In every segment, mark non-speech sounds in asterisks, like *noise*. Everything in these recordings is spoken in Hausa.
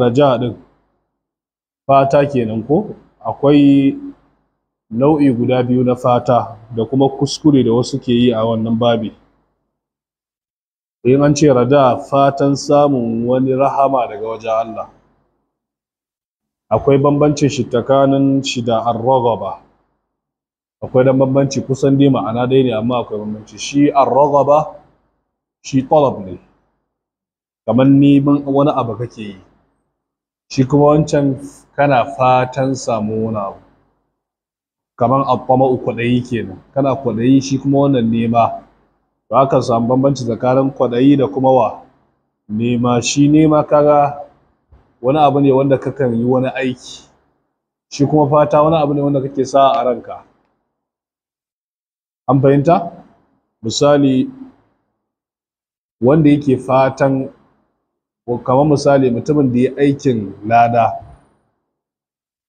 raja din fata kenan ko akwai nau'i guda biyu na fata da kuma kuskure da wasu ke yi a wannan babi in an ce rada fatan samun wani rahama daga wajen Allah akwai bambancin shi tsakanin shi da arrogaba akwai dan bambanci kusan dai ma'ana dai ne amma akwai bambanci shi arrogaba shi talab ne kamar neman wani abu kake yi shi kuma wancan kana fatan samu wani abu kamar akwama kwaɗayi kenan kana kwaɗayi shi kuma wannan nema ba ka samu bambanci tsakanin kwaɗayi da kuma wa nema shi nema kaga wani abu ne wanda ka kan yi wani aiki shi kuma fata wani abu ne wanda kake sa a ranka an fahimta misali wanda yake fatan kamar misali mutumin da ya aikin lada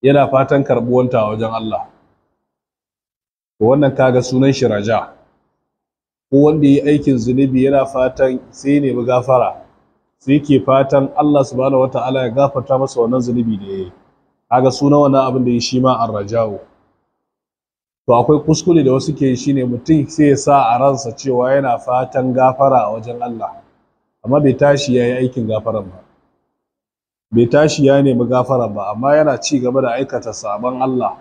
yana fatan karɓuwanta a wajen Allah wannan kaga sunan shi raja ko wanda ya aikin zunubi yana fatan sai ne mu gafara sai ke fatan Allah subhanahu wataala ya gafarta masa wannan zunubi da yayi kaga sunan wannan abin da ya shi ma arraja'u to akwai kuskure da wasu ke shine mutum sai ya sa a ransa cewa yana fatan gafara a wajen Allah amma bai tashi ya yi aikin gafaran ba bai tashi ya nemi gafaran ba amma yana ci gaba da aikata sabon Allah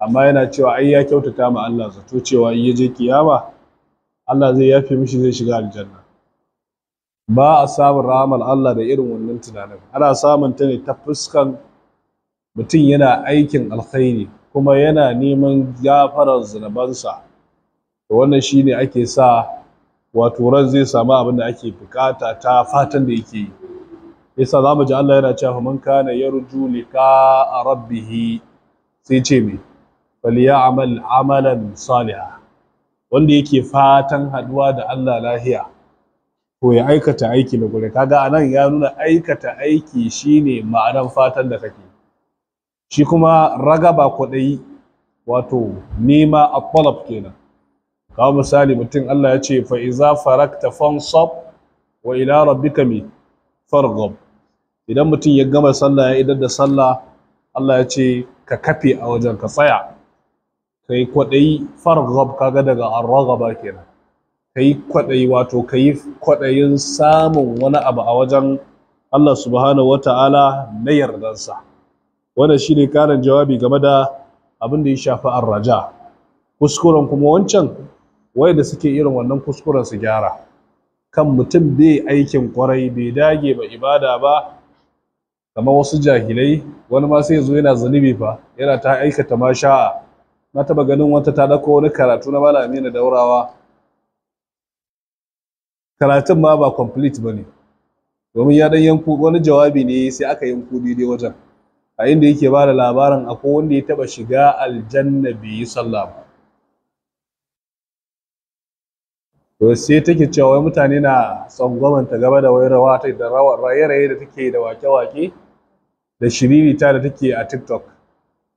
amma yana cewa ai ya kyautata ma Allah zato cewa in ya je kiyama Allah zai yafe mishi zai shiga aljanna ba a samun rahamar Allah da irin wannan tunanin ana samun ta ne ta fuskan mutum yana aikin alkhairi kuma yana neman gafarar zunubansa da wannan shine ake sa wato ran zai samu abin da ake bukata ta fatan da yake yi yasa zamu ji Allah yana cewa man kana yarju liqa rabbih sai ce me falyamal amalan salihan wanda yake fatan haduwa da Allah lahiya to ya aikata aiki na gure kaga anan ya nuna aikata aiki shine ma'anar fatan da kake shi kuma ragaba kwaɗayi wato nema a kenan kawo misali mutum Allah ya ce fa iza farakta fansab wa ila rabbika mi fargob. idan mutum ya gama sallah ya idar da sallah Allah ya ce ka kafe a wajen ka tsaya kai kwadayi farghab kaga daga arghaba kenan yi kwaɗayi wato yi kwaɗayin samun wani abu a wajen Allah subhanahu wata'ala na yardansa wannan shine karin jawabi game da abin da ya shafi arraja kuskuren kuma wancan wanda suke irin wannan kuskuren su gyara kan mutum bai aikin kwarai bai dage ba ibada ba kamar wasu jahilai wani ma sai zo yana zunubi fa yana ta aikata ma sha'a na taba ganin wata ta dauko wani karatu na Malami na Daurawa karatun ma ba complete bane domin ya dan yanku wani jawabi ne sai aka yanku dai wajen a inda yake ba da labarin akwai wanda ya taba shiga aljanna bi sallama to sai take cewa wai mutane na ta gaba da wai rawa ta da rawa raye-raye da take da wake-wake da ta da take a TikTok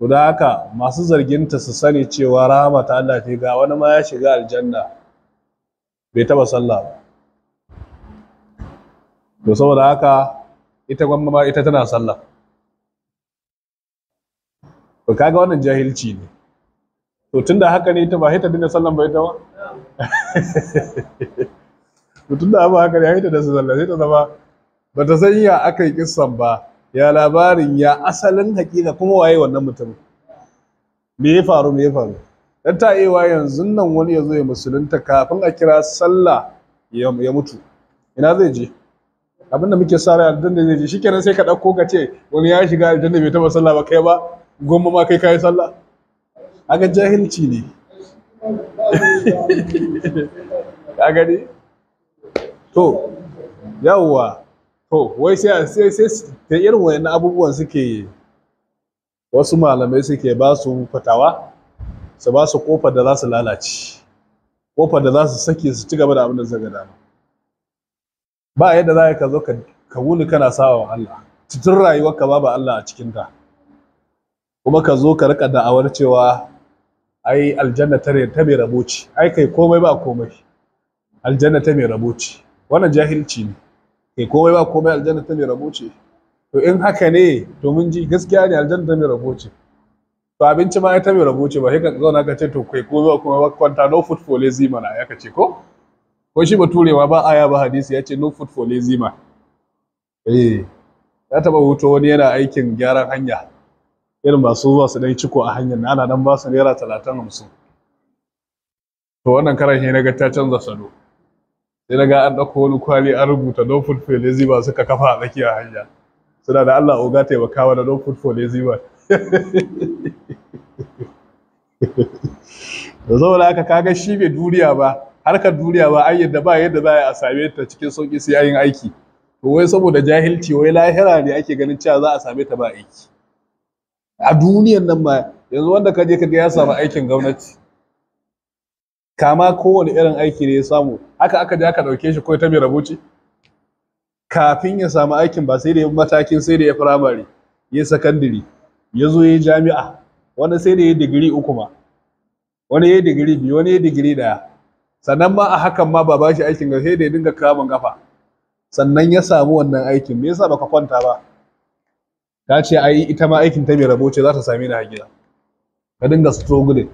to da haka masu zargin ta su sani cewa rahama ta Allah ce ga wani ma ya shiga aljanna bai taba sallah ba to saboda haka ita gwamma ma ita tana sallah to kaga wannan jahilci ne to tunda haka ne ita ba ita ta dinga sallan ba ita ba mutum da ba haka ya yi ta da su zalla sai ta zama ba ta san ya aka yi kissan ba ya labarin ya asalin hakika kuma waye wannan mutum me ya faru me ya faru dan ta ewa yanzu nan wani ya zo ya musulunta kafin a kira sallah ya mutu ina zai je abinda muke sara aljanna zai je shikenan sai ka dauko ka ce wani ya shiga aljanna bai taba sallah ba kai ba gomma ma kai kai sallah haka jahilci ne ka gani to yawwa to wai sai sai sai irin wayannan abubuwan suke wasu malamai suke ba su fatawa su ba su kofar da za su lalace kofar da za su sake su ci gaba da abin da suka dama ba yadda za ka zo ka wuni kana sawa Allah cikin rayuwarka babu Allah a cikinta kuma ka zo ka rika da'awar cewa ai aljanna ta ta mai raboci. ai kai komai ba komai aljanna ta mai raboci. wannan jahilci ne kai komai ba komai aljanna ta mai raboci. to in haka ne to mun ji gaskiya ne aljanna ta mai raboci. to abinci ma ai ta mai raboci ba sai ka zauna ka ce to kai komai ba komai ba kwanta no food for lazy mana ya ce ko ko shi baturewa ba aya ba hadisi ya ce no food for lazy man eh ya taba hoto wani yana aikin gyaran hanya irin su zuwa su dai ciko a hanyar ana dan ba su naira talatin hamsin to wannan karan shi na ga ta canza salo sai na ga an ɗauko wani kwali an rubuta no food for lazy ba suka kafa a tsakiyar hanya suna da Allah oga taimakawa da no food for lazy ba *laughs* da da aka kaga shi bai duniya ba harkar duniya ba ai yadda ba yadda za a same ta cikin sauki sai yayin aiki to wai saboda jahilci wai lahira ne ake ganin cewa za a same ta ba aiki a duniyar nan ma yanzu wanda ka je ka ga ya samu aikin gwamnati kama kowane irin aiki ne ya samu haka aka je aka dauke shi ko ta mai rabuci kafin ya samu aikin ba sai da ya matakin sai da ya firamare ya sakandiri ya zo ya jami'a wani sai da ya digiri uku ma wani ya digiri biyu wani ya digiri daya sannan ma a hakan ma ba ba shi aikin ga sai da ya dinga kamun kafa sannan ya samu wannan aikin me yasa baka kwanta ba ta ce ai ita ma aikin ta mai rabo ce za ta same ni a gida ka dinga struggling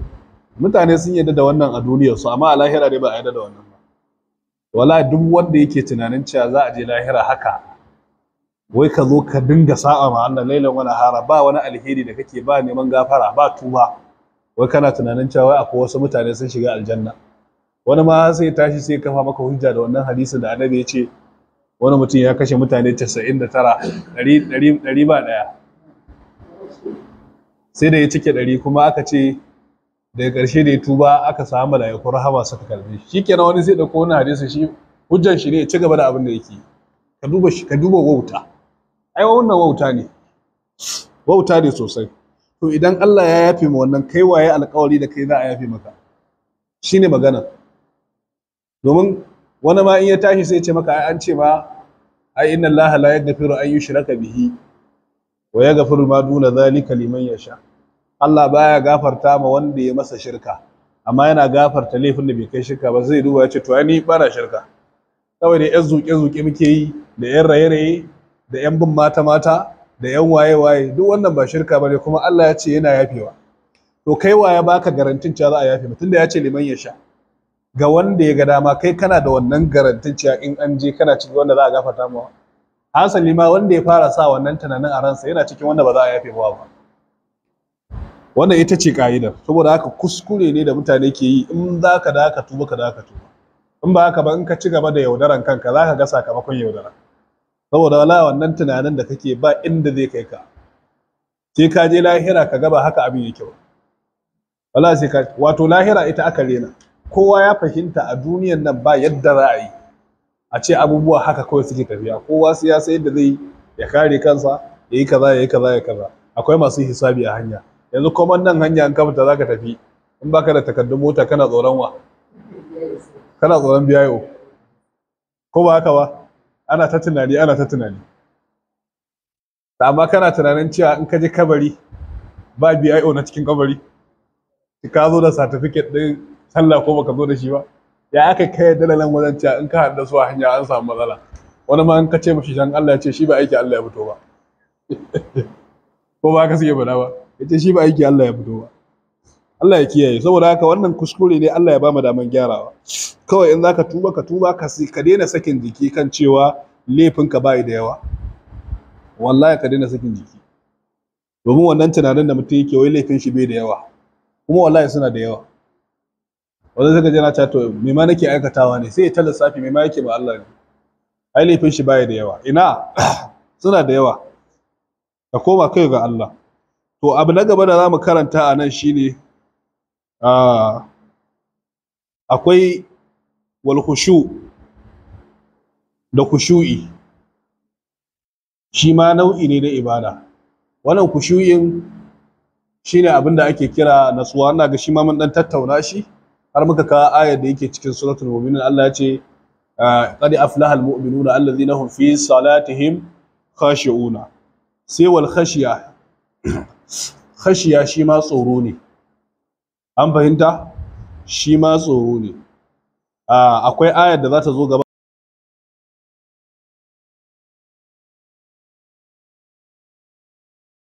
mutane sun yadda da wannan a duniyar su amma a lahira dai ba a yadda da wannan ba wala duk wanda yake tunanin cewa za a je lahira haka wai ka zo ka dinga sa'a ma Allah lailan wani hara ba wani alheri da kake ba neman gafara ba tuba wai kana tunanin cewa wai akwai wasu mutane sun shiga aljanna wani ma sai tashi sai kafa maka hujja da wannan hadisin da annabi ya ce wani mutum ya kashe mutane 99 ɗari ba ɗaya sai da ya cike ɗari kuma aka ce daga ƙarshe da ya tuba aka samu mala'iku rahama suka karbe shi kenan wani zai ɗauko wani hadisi shi hujjan shi ne ya ci gaba da abin da yake ka duba ka duba wauta ai wannan wauta ne wauta ne sosai to idan Allah ya yafe ma wannan kai waye alƙawari da kai za a yafe maka shine magana domin wani ma in ya tashi sai ce maka an ce ma ai inna anyi la yaghfiru an yushraka bihi wa yaghfiru ma duna zalika liman yasha Allah baya gafarta ma wanda ya masa shirka amma yana gafarta laifin da bai kai shirka ba zai duba ya ce to ai ni bara shirka kawai da yan zuke zuke muke yi da yan raye raye da yan bin mata mata da yan waye waye duk wannan ba shirka bane kuma Allah ya ce yana yafewa to kai ya baka garantin cewa za a yafe mutun da ya ce liman yasha ga wanda ya ga dama kai kana da wannan garantacciya in an je kana cikin wanda za a gafarta mawa hasali ma wanda ya fara sa wannan tunanin a ransa yana cikin wanda ba za a yafe mawa ba wannan ita ce ka'idar saboda haka kuskure ne da mutane ke yi in za ka da ka tuba ka da ka tuba in ba haka ba in ka ci gaba da yaudaran kanka za ka ga sakamakon yaudara saboda wala wannan tunanin da kake ba inda zai kai ka ke ka je lahira ka gaba haka abin yake ba wala sai ka wato lahira ita aka rena kowa ya fahimta a duniyan nan ba yadda za a yi a ce abubuwa haka kawai suke tafiya kowa sai ya sai da zai ya kare kansa ya yi kaza ya yi kaza ya kaza akwai masu hisabi a hanya yanzu kuma nan hanya in kafa za ka tafi in baka da takardun mota kana tsoron wa kana tsoron biyayo ko ba haka ba ana ta tunani ana ta tunani amma kana tunanin cewa in ka je kabari ba biyayo na cikin kabari ka zo da certificate din sallah ko baka zo da shi ba ya aka kai dalalan wajen cewa in ka haɗa su a hanya an samu matsala wani ma in ka ce mashi shan Allah ya ce shi ba aiki Allah ya fito ba *laughs* ko ba ka sike faɗa ba ya ce shi ba aiki Allah ya fito ba Allah ya kiyaye saboda haka wannan kuskure ne Allah ya ba mu daman gyarawa kawai in zaka tuba ka tuba ka ka daina sakin jiki kan cewa laifin ka bai da yawa wallahi ka daina sakin jiki domin wannan tunanin da mutum yake wai laifin shi bai da yawa kuma wallahi suna da yawa wanda zaka ji na ta to me ma nake aikatawa ne sai ya safi, me ma yake ba Allah ne ai laifin shi baya da yawa ina *clears throat* suna da yawa ka koma kai ga Allah to abu na gaba da zamu karanta a nan shine akwai wal khushu da khushu'i shi ma nau'i ne na ibada wannan khushu'in shine abin da ake kira natsuwa ina ga shi ma mun dan tattauna shi har muka ka ayar da yake cikin suratul mu'minun Allah ya ce ah, qad aflaha mu'minuna alladhina hum fi salatihim khashi'una sai wal khashiya *coughs* khashiya shi ma tsoro ne an fahimta shi ma tsoro ne ah, akwai ayar da za ta zo gaba